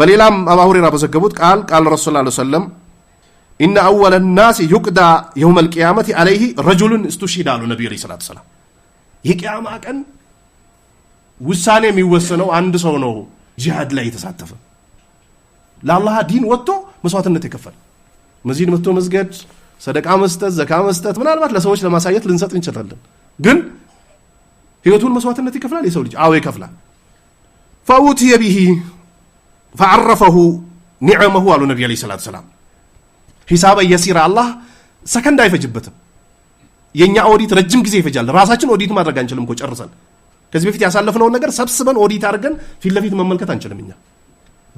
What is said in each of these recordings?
በሌላም አባ ሁሬራ በዘገቡት ቃል ቃል ረሱል ላ ሰለም ኢነ አወለ ናስ ዩቅዳ የውም ልቅያመት አለይህ ረጁልን እስቱሽሂድ አሉ ነቢዩ ለ ስላት ሰላም። የቅያማ ቀን ውሳኔ የሚወሰነው አንድ ሰው ነው ጂሃድ ላይ የተሳተፈ ለአላህ ዲን ወጥቶ መስዋዕትነት የከፈለ መዚድ መጥቶ መስገድ፣ ሰደቃ መስጠት፣ ዘካ መስጠት ምናልባት ለሰዎች ለማሳየት ልንሰጥ እንችላለን። ግን ህይወቱን መስዋዕትነት ይከፍላል። የሰው ልጅ አዎ ይከፍላል። ፈውትየ ቢሂ ፈዓረፈሁ ኒዕመሁ አሉ ነቢ ዐለይሂ ሰላቱ ሰላም። ሂሳበ የሲር አላህ ሰከንድ አይፈጅበትም። የእኛ ኦዲት ረጅም ጊዜ ይፈጃል። ራሳችን ኦዲት ማድረግ አንችልም እኮ ጨርሰን። ከዚህ በፊት ያሳለፍነውን ነገር ሰብስበን ኦዲት አድርገን ፊት ለፊት መመልከት አንችልም። እኛ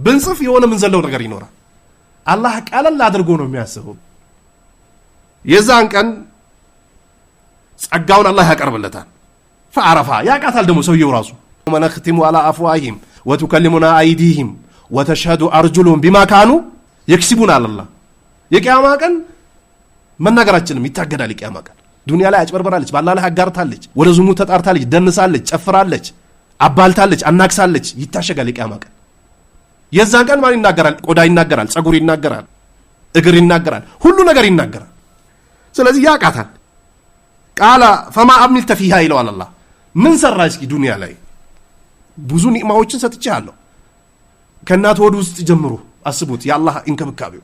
ብንጽፍ የሆነ ምንዘለው ነገር ይኖራል። አላህ ቀለል አድርጎ ነው የሚያስበው። የዛን ቀን ጸጋውን አላህ ያቀርብለታል። ፈዓረፋ ያቃታል ደግሞ ሰውየው ራሱ ነክቲሙ አላ አፍዋሂም ወቱከሊሙና አይዲህም ወተሽሀዱ አርጁሉሁም ቢማካኑ የክሲቡን አለላ የቅያማ ቀን መናገራችንም ይታገዳል። የቅያማ ቀን ዱንያ ላይ አጭበርበራለች፣ ባላ ላይ አጋርታለች፣ ወደ ዝሙ ተጣርታለች፣ ደንሳለች፣ ጨፍራለች፣ አባልታለች፣ አናክሳለች፣ ይታሸጋል። የቅያማ ቀን የዛን ቀን ማን ይናገራል? ቆዳ ይናገራል፣ ጸጉር ይናገራል፣ እግር ይናገራል፣ ሁሉ ነገር ይናገራል። ስለዚህ ያቃታል። ቃላ ፈማ አሚልተ ፊሃ ይለዋል አላህ ምን ሰራ እስኪ ዱንያ ላይ ብዙ ኒዕማዎችን አለሁ ከእናት ወድ ውስጥ ጀምሮ አስቡት የአላህ እንክብካቤው።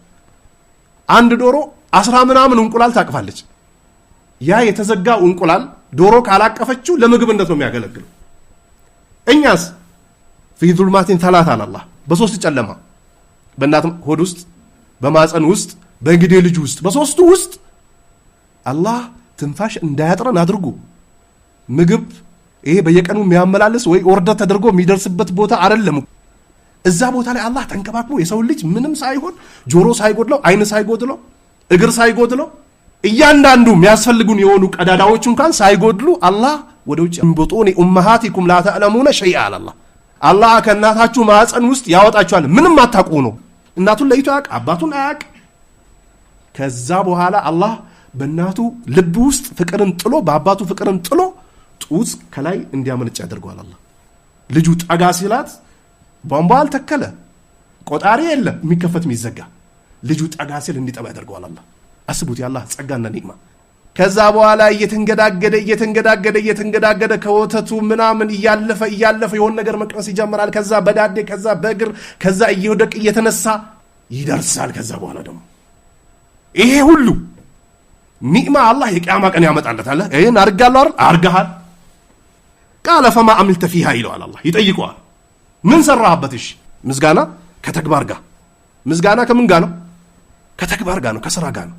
አንድ ዶሮ አስራ ምናምን እንቁላል ታቅፋለች። ያ የተዘጋው እንቁላል ዶሮ ካላቀፈችው ለምግብነት ነው የሚያገለግለው። እኛስ ፊ ዙልማቲን ተላት አላህ በሶስት ጨለማ በእናት ሆድ ውስጥ በማፀን ውስጥ በእንግዴ ልጅ ውስጥ በሶስቱ ውስጥ አላህ ትንፋሽ እንዳያጥረን አድርጉ። ምግብ ይሄ በየቀኑ የሚያመላልስ ወይ ኦርደር ተደርጎ የሚደርስበት ቦታ አይደለም። እዛ ቦታ ላይ አላህ ተንከባክቦ የሰው ልጅ ምንም ሳይሆን ጆሮ ሳይጎድለው፣ አይን ሳይጎድለው፣ እግር ሳይጎድለው እያንዳንዱ የሚያስፈልጉን የሆኑ ቀዳዳዎች እንኳን ሳይጎድሉ አላህ ወደ ውጭ እምቡጡኒ ኡመሃቲኩም ላተዕለሙነ ሸይ አላላ አላህ ከእናታችሁ ማዕፀን ውስጥ ያወጣችኋል። ምንም አታውቁ ነው። እናቱን ለይቶ አያውቅ፣ አባቱን አያውቅ። ከዛ በኋላ አላህ በእናቱ ልብ ውስጥ ፍቅርን ጥሎ በአባቱ ፍቅርን ጥሎ ጡት ከላይ እንዲያመነጭ ያደርገዋል። አላህ ልጁ ጠጋ ሲላት ቧንቧ አልተከለ፣ ቆጣሪ የለ፣ የሚከፈት የሚዘጋ። ልጁ ጠጋ ሲል እንዲጠባ ያደርገዋል አላ አስቡት የአላህ ጸጋና ኒዕማ። ከዛ በኋላ እየተንገዳገደ እየተንገዳገደ እየተንገዳገደ ከወተቱ ምናምን እያለፈ እያለፈ የሆን ነገር መቅመስ ይጀምራል። ከዛ በዳዴ ከዛ በእግር ከዛ እየወደቅ እየተነሳ ይደርሳል። ከዛ በኋላ ደግሞ ይሄ ሁሉ ኒዕማ አላህ የቅያማ ቀን ያመጣለታል። ይህን አርጋለሁ አይደል? አርጋሃል ቃለ ፈማ አምልተ ፊሃ ይለዋል አላህ ይጠይቀዋል። ምን ሰራህበት? እሺ ምስጋና ከተግባር ጋር ምስጋና ከምን ጋር ነው? ከተግባር ጋር ነው፣ ከስራ ጋር ነው።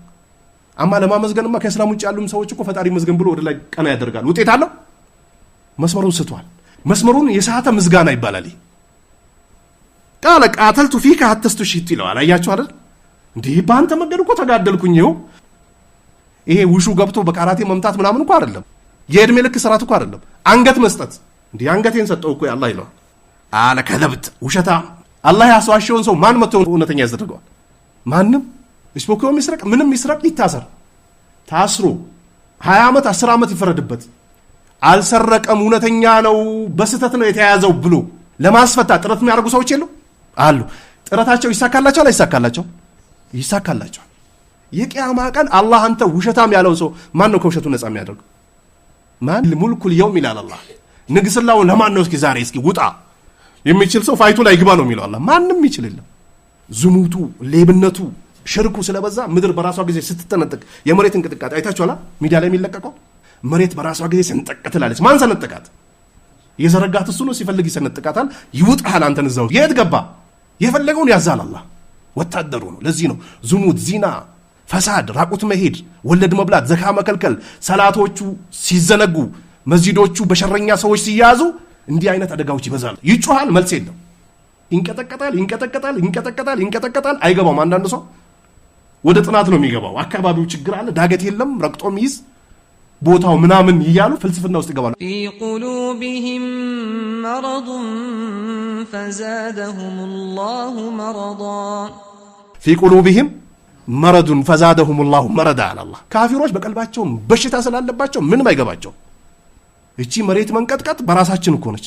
አማ ለማመስገንማ ከእስላም ውጭ ያሉም ሰዎች እኮ ፈጣሪ መዝገን ብሎ ወደ ላይ ቀና ያደርጋል። ውጤት አለው? መስመሩን ስቷል። መስመሩን የሳተ ምስጋና ይባላል። ቃለ ቃተልቱ ፊከ ሀተስቱ ሽት ይለዋል። አያችሁ አይደል? እንዲህ በአንተ መንገድ እኮ ተጋደልኩኝ። ይኸው ይሄ ውሹ ገብቶ በካራቴ መምታት ምናምን እኮ አይደለም። የዕድሜ ልክ ስራት እኮ አይደለም። አንገት መስጠት እንዲህ አንገቴን ሰጠው እኮ ያላ ይለዋል። አለ ከዘብት ውሸታ አላህ ያስዋሸውን ሰው ማን መጥቶ እውነተኛ ያስደርገዋል? ማንም ስፖኪዮም ይስረቅ ምንም ይስረቅ ይታሰር። ታስሮ ሀያ ዓመት አስር ዓመት ይፈረድበት። አልሰረቀም እውነተኛ ነው በስህተት ነው የተያያዘው ብሎ ለማስፈታ ጥረት የሚያደርጉ ሰዎች የሉ አሉ። ጥረታቸው ይሳካላቸዋል አይሳካላቸው? ይሳካላቸዋል። የቅያማ ቀን አላህ አንተ ውሸታም ያለውን ሰው ማን ነው ከውሸቱ ነፃ የሚያደርገው? ማን ሙልኩል የውም ይላል አላህ። ንግስላውን ለማን ነው እስኪ ዛሬ እስኪ ውጣ የሚችል ሰው ፋይቱ ላይ ግባ ነው የሚለው አላህ። ማንም ይችል የለም። ዝሙቱ፣ ሌብነቱ፣ ሽርኩ ስለበዛ ምድር በራሷ ጊዜ ስትጠነጥቅ የመሬት እንቅጥቃጤ አይታችኋላ? ሚዲያ ላይ የሚለቀቀው መሬት በራሷ ጊዜ ስንጠቅ ትላለች። ማን ሰነጠቃት? የዘረጋት እሱ ነው። ሲፈልግ ይሰነጥቃታል። ይውጥሃል አንተን እዛው የት ገባ? የፈለገውን ያዛል አላህ። ወታደሩ ነው። ለዚህ ነው ዝሙት፣ ዚና፣ ፈሳድ፣ ራቁት መሄድ፣ ወለድ መብላት፣ ዘካ መከልከል፣ ሰላቶቹ ሲዘነጉ መዚዶቹ በሸረኛ ሰዎች ሲያዙ እንዲህ አይነት አደጋዎች ይበዛሉ። ይጮሃል፣ መልስ የለም። ይንቀጠቀጣል፣ ይንቀጠቀጣል፣ ይንቀጠቀጣል፣ ይንቀጠቀጣል። አይገባውም አንዳንድ ሰው ወደ ጥናት ነው የሚገባው። አካባቢው ችግር አለ፣ ዳገት የለም፣ ረግጦ ሚይዝ ቦታው ምናምን እያሉ ፍልስፍና ውስጥ ይገባሉ። ፊ ቁሉቢሂም መረዱን ፈዛደሁም ላሁ መረዳ ፊ ቁሉቢሂም መረዱን ፈዛደሁም ላሁ መረዳ አላላ። ካፊሮች በቀልባቸውም በሽታ ስላለባቸው ምንም አይገባቸው እቺ መሬት መንቀጥቀጥ በራሳችን እኮ ነች።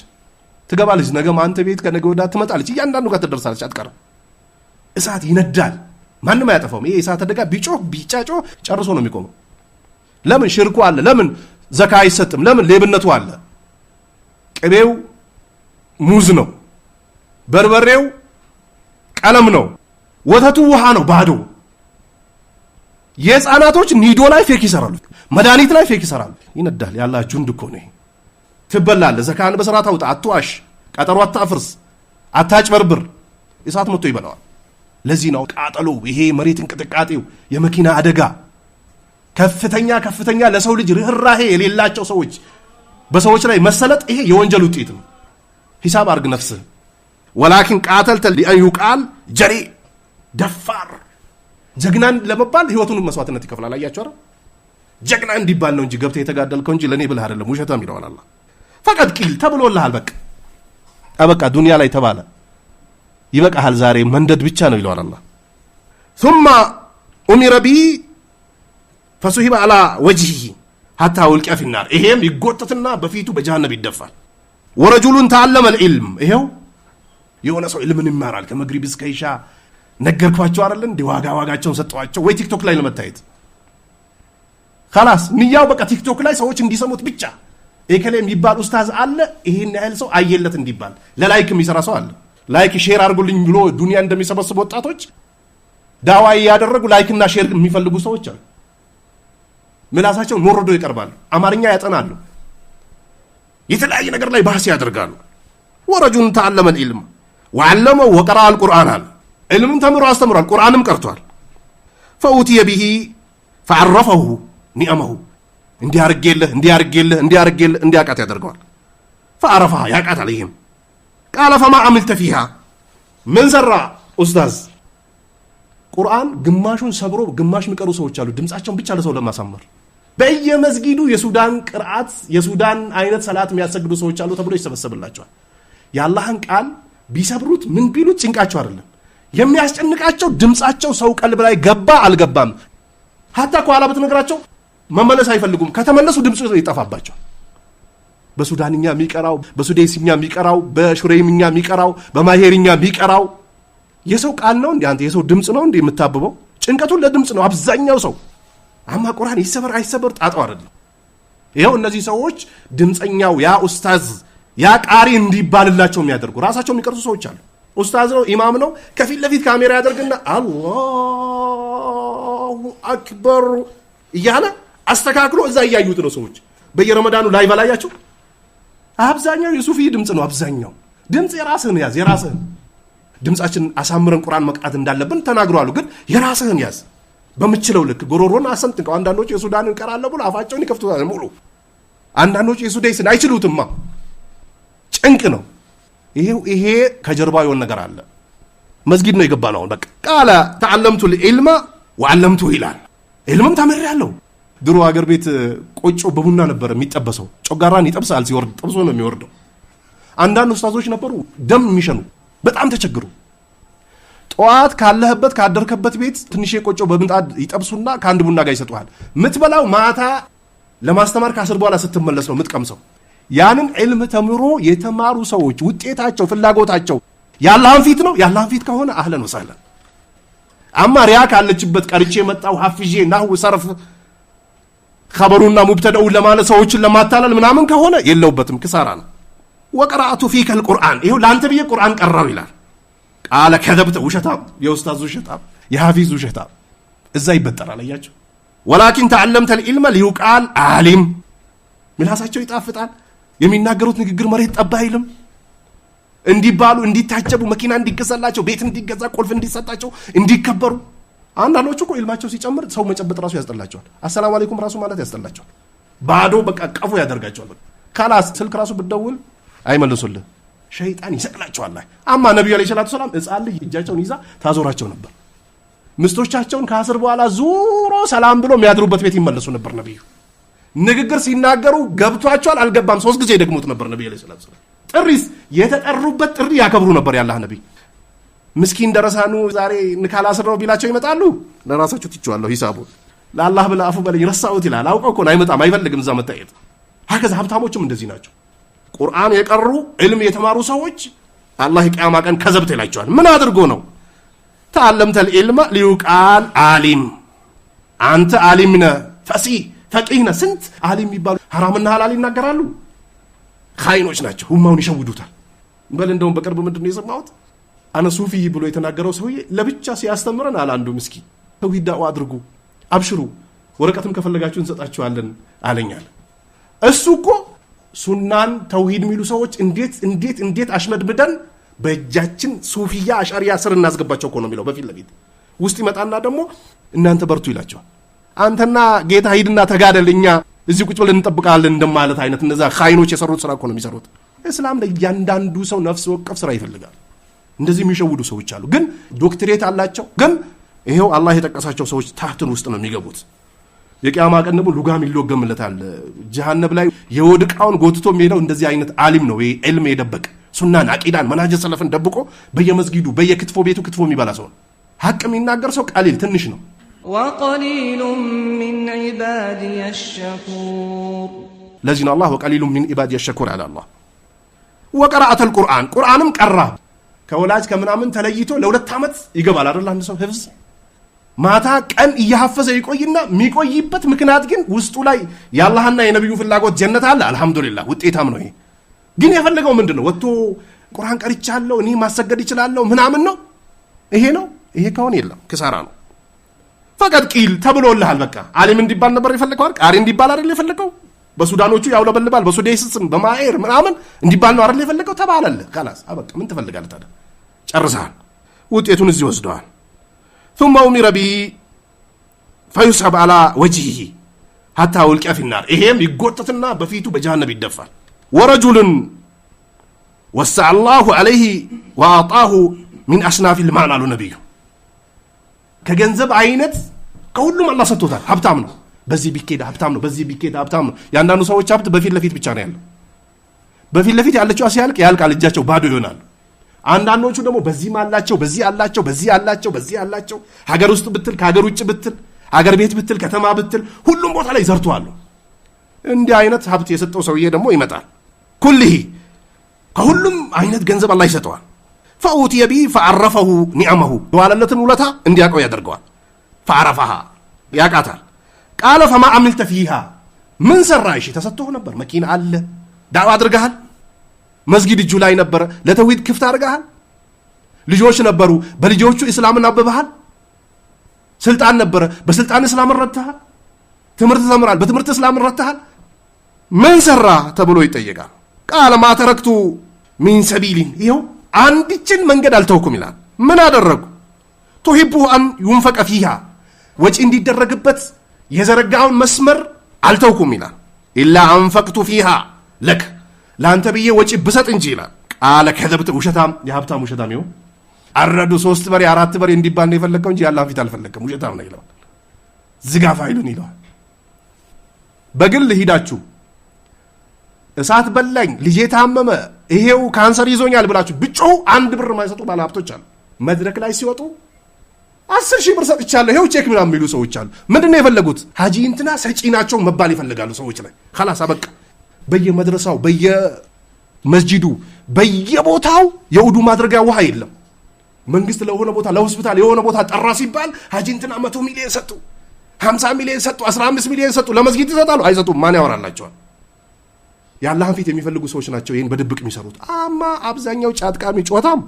ትገባለች፣ ነገ አንተ ቤት ከነገ ወዳ ትመጣለች፣ እያንዳንዱ ጋር ትደርሳለች፣ አትቀርም። እሳት ይነዳል፣ ማንም አያጠፋውም። ይሄ የእሳት አደጋ ቢጮህ ቢጫጮ ጨርሶ ነው የሚቆመው። ለምን ሽርኩ አለ? ለምን ዘካ አይሰጥም? ለምን ሌብነቱ አለ? ቅቤው ሙዝ ነው፣ በርበሬው ቀለም ነው፣ ወተቱ ውሃ ነው ባዶ። የህፃናቶች ኒዶ ላይ ፌክ ይሰራሉ፣ መድኃኒት ላይ ፌክ ይሰራሉ። ይነዳል ያላችሁ እንድኮ ነው ትበላለ ዘካህን በስርዓት አውጣ፣ አትዋሽ፣ ቀጠሮ አታፍርስ፣ አታጭበርብር። እሳት መጥቶ ይበላዋል። ለዚህ ነው ቃጠሎ፣ ይሄ መሬት እንቅጥቃጤው፣ የመኪና አደጋ ከፍተኛ ከፍተኛ ለሰው ልጅ ርኅራሄ የሌላቸው ሰዎች በሰዎች ላይ መሰለጥ ይሄ የወንጀል ውጤት ነው። ሂሳብ አርግ ነፍስህ ወላኪን ቃተልተ ሊአን ዩቃል ጀሬ ደፋር ጀግናን ለመባል ህይወቱን መስዋዕትነት ይከፍላል። አያቸው ጀግና እንዲባል ነው እንጂ ገብተህ የተጋደልከው እንጂ ለእኔ ብልህ አይደለም ውሸታም ይለዋል አላህ። ፈቀድ ቂል ተብሎልሃል። በቃ አበቃ፣ ዱንያ ላይ ተባለ። ይበቃሃል፣ ዛሬ መንደድ ብቻ ነው ይለዋል አላህ። ሱማ ኡሚረ ቢሂ ፈሱሂበ አላ ወጅሂ ሀታ ውልቂያ ፊናር። ይሄም ይጎተትና በፊቱ በጀሃነብ ይደፋል። ወረጁሉን ተአለመ ልዕልም፣ ይሄው የሆነ ሰው ዕልምን ይማራል ከመግሪብ እስከ ኢሻ። ነገርኳቸው አይደል እንዲ ዋጋ ዋጋቸውን ሰጠዋቸው። ወይ ቲክቶክ ላይ ለመታየት ካላስ ንያው በቃ ቲክቶክ ላይ ሰዎች እንዲሰሙት ብቻ ኤከሌ የሚባል ኡስታዝ አለ ይሄን ያህል ሰው አየለት እንዲባል ለላይክ የሚሰራ ሰው አለ። ላይክ ሼር አድርጉልኝ ብሎ ዱኒያ እንደሚሰበስቡ ወጣቶች ዳዋ እያደረጉ ላይክና ሼር የሚፈልጉ ሰዎች አሉ። ምላሳቸውን ሞርዶ ይቀርባሉ። አማርኛ ያጠናሉ። የተለያየ ነገር ላይ ባህስ ያደርጋሉ። ወረጁን ተአለመል ኢልም ወዓለመው ወቀራ አልቁርአን አለ። ዕልምም ተምሮ አስተምሯል። ቁርአንም ቀርቷል። ፈኡትየ ብሂ ፈዓረፈሁ ኒዕመሁ እንዲያርጌልህ እንዲያርጌልህ እንዲያርጌልህ እንዲያቃት ያደርገዋል። ፈአረፋ ያቃታል። ይህም ቃለ ፈማ አምልተ ፊሃ ምን ሰራ ኡስታዝ? ቁርአን ግማሹን ሰብሮ ግማሽ የሚቀሩ ሰዎች አሉ፣ ድምፃቸውን ብቻ ለሰው ለማሳመር በየመስጊዱ የሱዳን ቅርአት የሱዳን አይነት ሰላት የሚያሰግዱ ሰዎች አሉ ተብሎ ይሰበሰብላቸዋል። የአላህን ቃል ቢሰብሩት ምን ቢሉት ጭንቃቸው አይደለም የሚያስጨንቃቸው ድምፃቸው ሰው ቀልብ ላይ ገባ አልገባም። ሀታ ከኋላ ብትነግራቸው መመለስ አይፈልጉም። ከተመለሱ ድምፅ ይጠፋባቸው። በሱዳንኛ የሚቀራው፣ በሱዴስኛ የሚቀራው፣ በሹሬምኛ የሚቀራው፣ በማሄርኛ የሚቀራው የሰው ቃል ነው እንዴ? አንተ የሰው ድምፅ ነው እንዴ የምታብበው? ጭንቀቱን ለድምፅ ነው አብዛኛው ሰው። አማ ቁርአን ይሰበር አይሰበር ጣጣው አይደለም። ይኸው እነዚህ ሰዎች ድምፀኛው ያ ኡስታዝ ያ ቃሪ እንዲባልላቸው የሚያደርጉ ራሳቸው የሚቀርሱ ሰዎች አሉ። ኡስታዝ ነው ኢማም ነው ከፊት ለፊት ካሜራ ያደርግና አላሁ አክበር እያለ አስተካክሎ እዛ እያዩት ነው ሰዎች። በየረመዳኑ ላይ በላያቸው አብዛኛው የሱፊ ድምፅ ነው። አብዛኛው ድምፅ የራስህን ያዝ፣ የራስህን ድምፃችን አሳምረን ቁርአን መቅራት እንዳለብን ተናግረዋሉ። ግን የራስህን ያዝ በምችለው ልክ ጎሮሮን አሰምጥቀው። አንዳንዶች የሱዳን እንቀራለን ብሎ አፋቸውን ይከፍቱታል ሙሉ። አንዳንዶች የሱዴስን አይችሉትማ፣ ጭንቅ ነው። ይሄው ይሄ ከጀርባ የሆን ነገር አለ። መስጊድ ነው የገባ ነው። በቃ ቃለ ተዓለምቱ ልዕልማ ወዓለምቱ ይላል። ዕልምም ታምሬ ያለው ድሮ አገር ቤት ቆጮ በቡና ነበር የሚጠበሰው። ጮጋራን ይጠብሳል፣ ሲወርድ ጠብሶ ነው የሚወርደው። አንዳንድ ኡስታዞች ነበሩ ደም የሚሸኑ በጣም ተቸግሩ። ጠዋት ካለህበት ካደርከበት ቤት ትንሽ ቆጮ በምጣድ ይጠብሱና ከአንድ ቡና ጋር ይሰጡሃል። ምትበላው ማታ ለማስተማር ከአስር በኋላ ስትመለስ ነው ምትቀምሰው። ያንን ዕልም ተምሮ የተማሩ ሰዎች ውጤታቸው ፍላጎታቸው የአላህን ፊት ነው። የአላህን ፊት ከሆነ አህለን ወሳህለን። አማ ሪያ ካለችበት ቀርቼ መጣው ሀፍዤ ናሁ ሰርፍ ከበሩና ሙብተደውን ለማለት ሰዎችን ለማታለል ምናምን ከሆነ የለውበትም፣ ክሳራ ነው። ወቀራአቱ ፊከ ልቁርአን ይሁ ለአንተ ብዬ ቁርአን ቀራው ይላል። ቃለ ከዘብተ ውሸታም፣ የኡስታዝ ውሸታም፣ የሐፊዝ ውሸታም እዛ ይበጠራል። አያቸው ወላኪን ተዓለምተ ልዕልመ ሊዩቃል አሊም። ምላሳቸው ይጣፍጣል። የሚናገሩት ንግግር መሬት ጠባ አይልም። እንዲባሉ እንዲታጀቡ፣ መኪና እንዲገዛላቸው፣ ቤት እንዲገዛ፣ ቁልፍ እንዲሰጣቸው፣ እንዲከበሩ አንዳንዶቹ እኮ ኢልማቸው ሲጨምር ሰው መጨበጥ ራሱ ያስጠላቸዋል። አሰላሙ አለይኩም ራሱ ማለት ያስጠላቸዋል። ባዶ በቃ ቀፎ ያደርጋቸዋል። ካላስ ስልክ ራሱ ብደውል አይመልሱልህ። ሸይጣን ይሰቅላቸዋል። አማ ነቢዩ ዓለይሂ ሰላቱ ሰላም ህፃን ልጅ እጃቸውን ይዛ ታዞራቸው ነበር። ምስቶቻቸውን ከአስር በኋላ ዙሮ ሰላም ብሎ የሚያድሩበት ቤት ይመለሱ ነበር። ነቢዩ ንግግር ሲናገሩ ገብቷቸዋል አልገባም ሶስት ጊዜ ደግሞት ነበር። ነቢዩ ዓለይሂ ሰላቱ ሰላም ጥሪ የተጠሩበት ጥሪ ያከብሩ ነበር። ያላህ ነቢይ ምስኪን ደረሳኑ ዛሬ ንካላስረው ቢላቸው ይመጣሉ። ለራሳቸው ትችዋለሁ ሂሳቡ ለአላህ ብለ አፉ በለኝ ረሳሁት ይላል። አውቀው እኮ አይመጣም፣ አይፈልግም እዛ መታየት። ሀከዛ ሀብታሞችም እንደዚህ ናቸው። ቁርአን የቀሩ ዕልም የተማሩ ሰዎች አላህ የቅያማ ቀን ከዘብት ይላቸዋል። ምን አድርጎ ነው? ተአለምተል ዒልመ ሊዩቃል አሊም፣ አንተ አሊም ነ ፈሲ ፈቂህ ነ ስንት አሊም የሚባሉ ሐራምና ሐላል ይናገራሉ። ኻይኖች ናቸው። ሁማውን ይሸውዱታል። በል እንደውም በቅርብ ምንድን ነው የሰማሁት አነ ሱፊ ብሎ የተናገረው ሰውዬ ለብቻ ሲያስተምረን አለ አንዱ ምስኪ ተውሂድ ዳዋ አድርጉ አብሽሩ፣ ወረቀትም ከፈለጋችሁ እንሰጣችኋለን አለኛል። እሱ እኮ ሱናን ተውሂድ የሚሉ ሰዎች እንዴት እንዴት እንዴት አሽመድምደን በእጃችን ሱፊያ አሻሪያ ስር እናስገባቸው እኮ ነው የሚለው። በፊት ለፊት ውስጥ ይመጣና ደግሞ እናንተ በርቱ ይላቸዋል። አንተና ጌታ ሂድና ተጋደል፣ እኛ እዚህ ቁጭ ብለን እንጠብቃለን እንደማለት አይነት እነዛ ኃይኖች የሰሩት ስራ እኮ ነው የሚሰሩት። እስላም ለእያንዳንዱ ሰው ነፍስ ወቀፍ ስራ ይፈልጋል። እንደዚህ የሚሸውዱ ሰዎች አሉ። ግን ዶክትሬት አላቸው። ግን ይሄው አላህ የጠቀሳቸው ሰዎች ታህትን ውስጥ ነው የሚገቡት። የቅያማ ቀን ደግሞ ሉጋም ይሎገምለታል ጀሃነብ ላይ የወድቃውን ጎትቶ የሚሄደው እንደዚህ አይነት አሊም ነው። ዕልም የደበቀ ሱናን፣ አቂዳን፣ መናጀ ሰለፍን ደብቆ በየመስጊዱ በየክትፎ ቤቱ ክትፎ የሚበላ ሰው ነው። ሀቅ የሚናገር ሰው ቀሊል ትንሽ ነው። ለዚህ ነው አላህ ወቀሊሉ ሚን ዒባዲየ ሸኩር አለ አላህ። ወቀራአተል ቁርአን ቁርአንም ቀራ ከወላጅ ከምናምን ተለይቶ ለሁለት ዓመት ይገባል አይደል? አንድ ሰው ህፍዝ ማታ ቀን እያሐፈዘ ይቆይና የሚቆይበት ምክንያት ግን ውስጡ ላይ የአላህና የነቢዩ ፍላጎት ጀነት አለ። አልሐምዱሊላህ ውጤታም ነው። ይሄ ግን የፈለገው ምንድን ነው? ወጥቶ ቁርአን ቀርቻለሁ እኔ ማሰገድ ይችላለሁ ምናምን ነው። ይሄ ነው። ይሄ ከሆነ የለም ክሳራ ነው። ፈቀድ ቂል ተብሎልሃል። በቃ አሊም እንዲባል ነበር የፈለገው፣ ቃሪ እንዲባል አይደል የፈለገው? በሱዳኖቹ ያውለበልባል በሱዴስስም በማኤር ምናምን እንዲባል ነው አይደል የፈለገው ተባለልህ ከላስ አበቃ ምን ትፈልጋለህ ታዲያ ጨርሰሃል ውጤቱን እዚህ ወስደዋል ثم أمر ربي فيسحب على وجهه حتى ألقى في النار إيهم يقوتتنا بفيتو بجانب الدفع ورجل وسع الله عليه وأعطاه من أصناف المعنى النبي كجنزب عينت كل ما الله ستوتا حبتامنا በዚህ ቢኬድ ሀብታም ነው፣ በዚህ ቢኬድ ሀብታም ነው። የአንዳንዱ ሰዎች ሀብት በፊት ለፊት ብቻ ነው ያለው። በፊት ለፊት ያለችው ሲያልቅ ያልቃል፣ እጃቸው ባዶ ይሆናሉ አንዳንዶቹ ደግሞ በዚህም አላቸው፣ በዚህ አላቸው፣ በዚህ አላቸው፣ በዚህ አላቸው። ሀገር ውስጥ ብትል፣ ከሀገር ውጭ ብትል፣ ሀገር ቤት ብትል፣ ከተማ ብትል፣ ሁሉም ቦታ ላይ ዘርተዋሉ። እንዲህ አይነት ሀብት የሰጠው ሰውዬ ደግሞ ይመጣል። ኩልህ ከሁሉም አይነት ገንዘብ አላህ ይሰጠዋል። ፈውትየ ቢ ፈአረፈሁ ኒዕመሁ የዋለለትን ውለታ እንዲያውቀው ያደርገዋል። ፈአረፋሃ ያቃታል ቃለ ፈማ አሚልተ ፊሃ ምን ሰራ? እሺ ተሰጥቶህ ነበር፣ መኪና አለ፣ ዳዕዋ አድርገሃል፣ መስጊድ እጁ ላይ ነበረ፣ ለተውሂድ ክፍት አድርገሃል፣ ልጆች ነበሩ፣ በልጆቹ እስላምን አብበሃል፣ ስልጣን ነበረ፣ በስልጣን እስላምን ረድተሃል፣ ትምህርት ተምራል፣ በትምህርት እስላምን ረድተሃል። ምን ሰራ ተብሎ ይጠየቃል። ቃለ ማ ተረክቱ ሚን ሰቢሊን ይኸው አንድችን መንገድ አልተውኩም ይላል። ምን አደረጉ? ቱሂቡ አን ዩንፈቀ ፊሃ ወጪ እንዲደረግበት የዘረጋውን መስመር አልተውኩም ይላል። ኢላ አንፈቅቱ ፊሃ ለክ ለአንተ ብዬ ወጪ ብሰጥ እንጂ ይላል። ቃለ ከዘብት ውሸታም፣ የሀብታም ውሸታም ይሁን አረዱ ሶስት በሬ አራት በሬ እንዲባል ነው የፈለግከው እንጂ ያላን ፊት አልፈለግከም። ውሸታም ነው ይለዋል። ዝጋ ፋይሉን ይለዋል። በግል ሂዳችሁ እሳት በላኝ፣ ልጄ ታመመ፣ ይሄው ካንሰር ይዞኛል ብላችሁ ብጮሁ አንድ ብር የማይሰጡ ባለሀብቶች አሉ። መድረክ ላይ ሲወጡ አስር ሺህ ብር ሰጥቻለሁ ይኸው ቼክ ምናምን የሚሉ ሰዎች አሉ። ምንድን ነው የፈለጉት? ሀጂ እንትና ሰጪ ናቸው መባል ይፈልጋሉ ሰዎች ላይ ካላሳ በቃ በየመድረሳው በየመስጂዱ በየቦታው የውዱ ማድረጊያ ውሃ የለም። መንግስት ለሆነ ቦታ ለሆስፒታል የሆነ ቦታ ጠራ ሲባል ሀጂ እንትና መቶ ሚሊዮን ሰጡ፣ ሀምሳ ሚሊዮን ሰጡ፣ አስራ አምስት ሚሊዮን ሰጡ። ለመስጊድ ይሰጣሉ አይሰጡም? ማን ያወራላቸዋል? የአላህን ፊት የሚፈልጉ ሰዎች ናቸው ይህን በድብቅ የሚሰሩት። አማ አብዛኛው ጫጥቃሚ ጮታም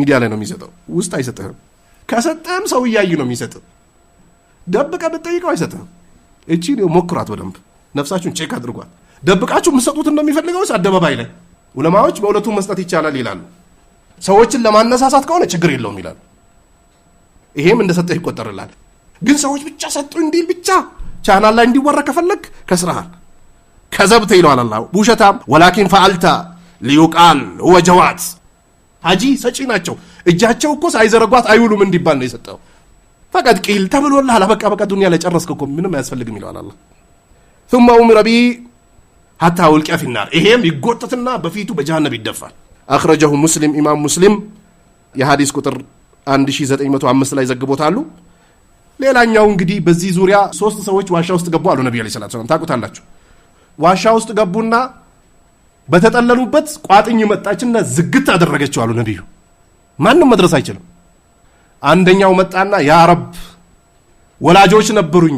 ሚዲያ ላይ ነው የሚሰጠው፣ ውስጥ አይሰጥህም። ከሰጠህም ሰው እያዩ ነው የሚሰጥህ። ደብቀ ብትጠይቀው አይሰጥህም። እቺ ሞክሯት፣ በደንብ ነፍሳችሁን ቼክ አድርጓት። ደብቃችሁ ምሰጡት እንደሚፈልገው አደባባይ ላይ ዑለማዎች በሁለቱም መስጠት ይቻላል ይላሉ። ሰዎችን ለማነሳሳት ከሆነ ችግር የለውም ይላሉ። ይሄም እንደሰጠህ ይቆጠርላል። ግን ሰዎች ብቻ ሰጡ እንዲል ብቻ ቻናል ላይ እንዲወራ ከፈለግ ከስራሃል ከዘብተ ይለዋል አላ ውሸታም ወላኪን ፈአልታ ሊዩቃል ወጀዋት ሀጂ ሰጪ ናቸው እጃቸው እኮ ሳይዘረጓት አይውሉም እንዲባል ነው የሰጠው። ፈቀድ ቂል ተብሎልሃል። በቃ በቃ ዱኒያ ላይ ጨረስክ እኮ ምንም አያስፈልግም ይለዋል አላህ። ثم ኡምረ ቢ ሀታ ألقي ፊናር፣ ይሄም ይጎተትና በፊቱ በጀሃነም ይደፋል። አኽረጀሁ ሙስሊም ኢማም ሙስሊም የሀዲስ ቁጥር 1905 ላይ ዘግቦታሉ። ሌላኛው እንግዲህ በዚህ ዙሪያ ሶስት ሰዎች ዋሻ ውስጥ ገቡ አሉ ነቢዩ ዓለይሂ ሰላም ታውቁታላችሁ። ዋሻ ውስጥ ገቡና በተጠለሉበት ቋጥኝ መጣችና ዝግት አደረገችው አሉ ነቢዩ ማንም መድረስ አይችልም። አንደኛው መጣና ያ ረብ ወላጆች ነበሩኝ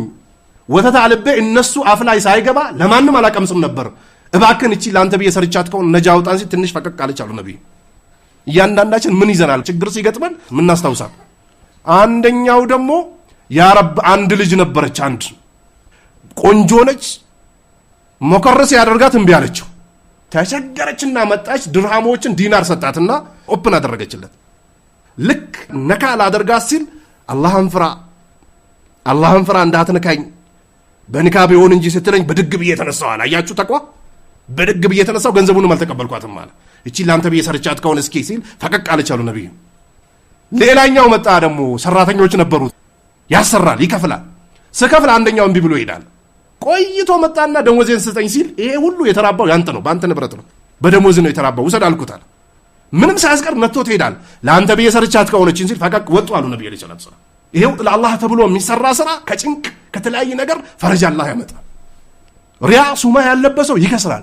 ወተት አልቤ እነሱ አፍ ላይ ሳይገባ ለማንም አላቀምስም ነበር። እባክን እቺ ለአንተ ብዬ ሰርቻት ከሆነ ነጃ አውጣን ሲል ትንሽ ፈቀቅ አለች አሉ ነቢዩ። እያንዳንዳችን ምን ይዘናል? ችግር ሲገጥመን ምናስታውሳል። አንደኛው ደግሞ ያ ረብ አንድ ልጅ ነበረች፣ አንድ ቆንጆ ነች። ሞከረስ ያደርጋት እምቢ አለችው። ተቸገረችና መጣች። ድርሃሞችን ዲናር ሰጣትና ኦፕን አደረገችለት። ልክ ነካ ላደርጋት ሲል አላህን ፍራ፣ አላህን ፍራ እንዳትነካኝ በኒካብ ይሆን እንጂ ስትለኝ በድግ ብዬ ተነሳዋል። አያችሁ ተቋ በድግ ብዬ ተነሳው ገንዘቡንም አልተቀበልኳትም አለ። እቺ ለአንተ ብዬ ሰርቻት ከሆነ እስኪ ሲል ፈቀቅ አለቻሉ ነቢዩ። ሌላኛው መጣ ደግሞ ሰራተኞች ነበሩት። ያሰራል፣ ይከፍላል። ስከፍል አንደኛው እምቢ ብሎ ይሄዳል። ቆይቶ መጣና ደሞዜን ስጠኝ ሲል ይሄ ሁሉ የተራባው ያንተ ነው፣ በአንተ ንብረት ነው፣ በደሞዝ ነው የተራባው ውሰድ አልኩታል። ምንም ሳያስቀር መጥቶ ትሄዳል። ለአንተ ብዬ ሰርቻት ከሆነችን ሲል ፈቀቅ ወጡ አሉ ነቢ ላ ላ ይሄው ለአላህ ተብሎ የሚሰራ ስራ ከጭንቅ ከተለያየ ነገር ፈረጃ አላህ ያመጣል። ሪያ ሱማ ያለበሰው ይከስራል።